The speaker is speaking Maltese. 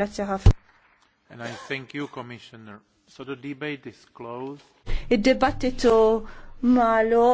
Grazie ħafna. And I thank you, Commissioner. So the debate is closed. Id-dibattitu malu